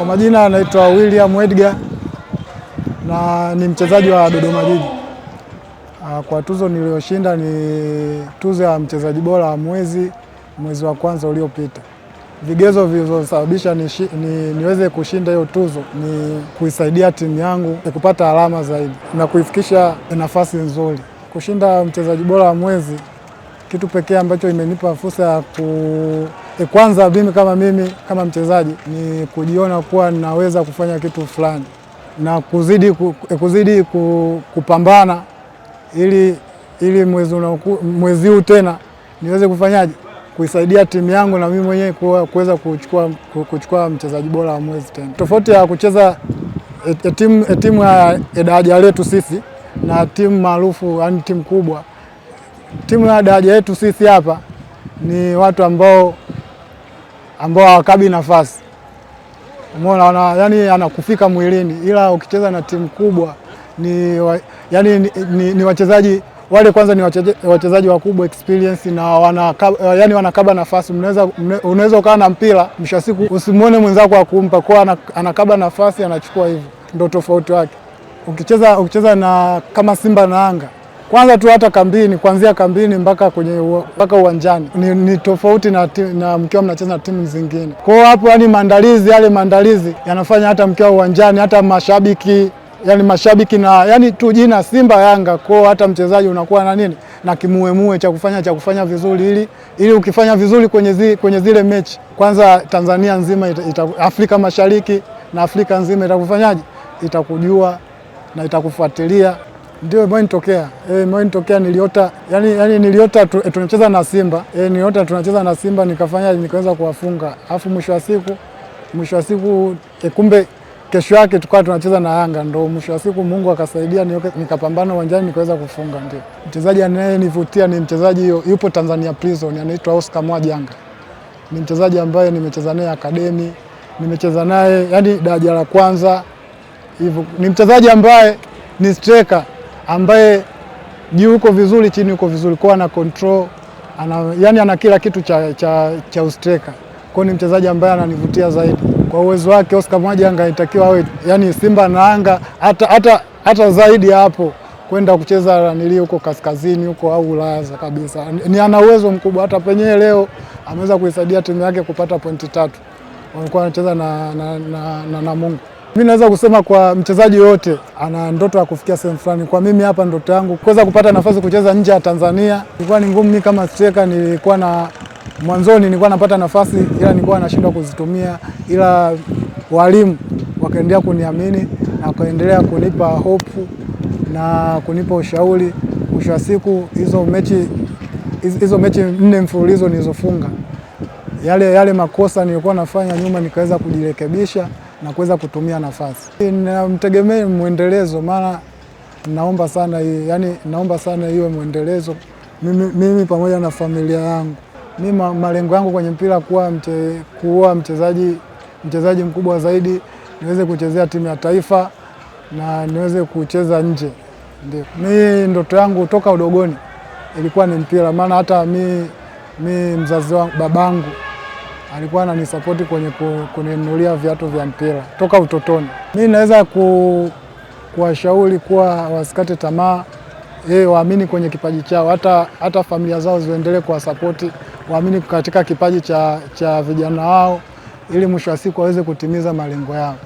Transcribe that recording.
Kwa majina anaitwa William Edgar na ni mchezaji wa Dodoma Jiji. Ah, kwa tuzo niliyoshinda ni tuzo ya mchezaji bora wa mwezi mwezi wa kwanza uliopita. Vigezo vilivyosababisha ni, ni, niweze kushinda hiyo tuzo ni kuisaidia timu yangu kupata alama zaidi na kuifikisha nafasi nzuri. Kushinda mchezaji bora wa mwezi kitu pekee ambacho imenipa fursa ya ku e, kwanza mimi kama mimi kama mchezaji ni kujiona kuwa naweza kufanya kitu fulani na kuzidi, ku, eh, kuzidi ku, kupambana ili, ili mwezi, unaku, mwezi huu tena niweze kufanyaje kuisaidia timu yangu na mimi mwenyewe kuweza kuchukua, kuchukua mchezaji bora wa mwezi tena. Tofauti ya kucheza eh, eh, timu ya daraja letu sisi na timu maarufu, yani timu kubwa timu ya daraja yetu sisi hapa ni watu ambao ambao hawakabi nafasi, umeona, yani anakufika mwilini, ila ukicheza na timu kubwa ni, wa, yani, ni, ni, ni wachezaji wale kwanza ni wachezaji wakubwa experience na wanakaba, yani wanakaba nafasi. Unaweza ukawa na mpira mwisho wa siku usimwone mwenzako akumpa kwa, anakaba nafasi anachukua. Hivyo ndio tofauti wake ukicheza, ukicheza na kama Simba na Yanga kwanza tu hata kambini, kuanzia kambini mpaka kwenye mpaka uwanjani ni, ni tofauti na, na mkiwa mnacheza na timu zingine. Kwa hiyo hapo, yani maandalizi yale maandalizi yanafanya hata mkiwa uwanjani hata mashabiki yani mashabiki na yani tu jina Simba Yanga, kwa hata mchezaji unakuwa na nini na kimuemue cha kufanya cha kufanya vizuri, ili ili ukifanya vizuri kwenye, zi, kwenye zile mechi kwanza, Tanzania nzima ita, ita, Afrika Mashariki na Afrika nzima itakufanyaje, itakujua na itakufuatilia. Ndio imewahi nitokea, eh, imewahi nitokea niliota, yani yani niliota tu, e, tunacheza na Simba eh, niliota tunacheza na Simba nikafanya nikaweza kuwafunga, afu mwisho wa siku mwisho wa siku e, kumbe kesho yake tukawa tunacheza na Yanga, ndo mwisho wa siku Mungu akasaidia nikapambana uwanjani nikaweza kufunga. Ndio mchezaji anayenivutia ni mchezaji yupo Tanzania Prison, anaitwa Oscar Mwajanga. Ni mchezaji ambaye nimecheza naye akademi, nimecheza naye yani daraja la kwanza hivyo. Ni mchezaji ambaye ni striker ambaye juu uko vizuri, chini uko vizuri, kwa ana control ana, yani ana kila kitu cha, cha, cha ustreka kwao. Ni mchezaji ambaye ananivutia zaidi kwa uwezo wake. Oscar Mwajanga itakiwa awe yani Simba na Yanga hata, hata, hata zaidi ya hapo kwenda kucheza ranili huko kaskazini huko au Ulaya kabisa. Ni ana uwezo mkubwa, hata penyewe leo ameweza kuisaidia timu yake kupata pointi tatu, walikuwa wanacheza na, na, na, na, na Namungo. Mimi naweza kusema kwa mchezaji yoyote ana ndoto ya kufikia sehemu fulani. Kwa mimi hapa ndoto yangu kuweza kupata nafasi kucheza nje ya Tanzania. Ilikuwa ni ngumu mimi kama striker, nilikuwa na mwanzoni nilikuwa napata nafasi ila nilikuwa nashindwa kuzitumia, ila walimu wakaendelea kuniamini na kuendelea kunipa hope na kunipa ushauri. Mwisho wa siku hizo mechi hizo mechi nne mfululizo nilizofunga, yale yale makosa nilikuwa nafanya nyuma nikaweza kujirekebisha na kuweza kutumia nafasi. Namtegemea mwendelezo, maana naomba sana hii, yani naomba sana iwe mwendelezo mimi, mimi pamoja na familia yangu. Mimi malengo yangu kwenye mpira kuwa mche, kuwa mchezaji mchezaji mkubwa zaidi, niweze kuchezea timu ya taifa na niweze kucheza nje. Ndio mimi ndoto yangu toka udogoni ilikuwa ni mpira, maana hata mi, mi mzazi wangu babangu alikuwa ananisapoti kwenye kuninunulia viatu vya mpira toka utotoni. Mi naweza ku, kuwashauri kuwa wasikate tamaa e, waamini kwenye kipaji chao, hata, hata familia zao ziendelee kuwasapoti, waamini katika kipaji cha, cha vijana wao ili mwisho wa siku waweze kutimiza malengo yao.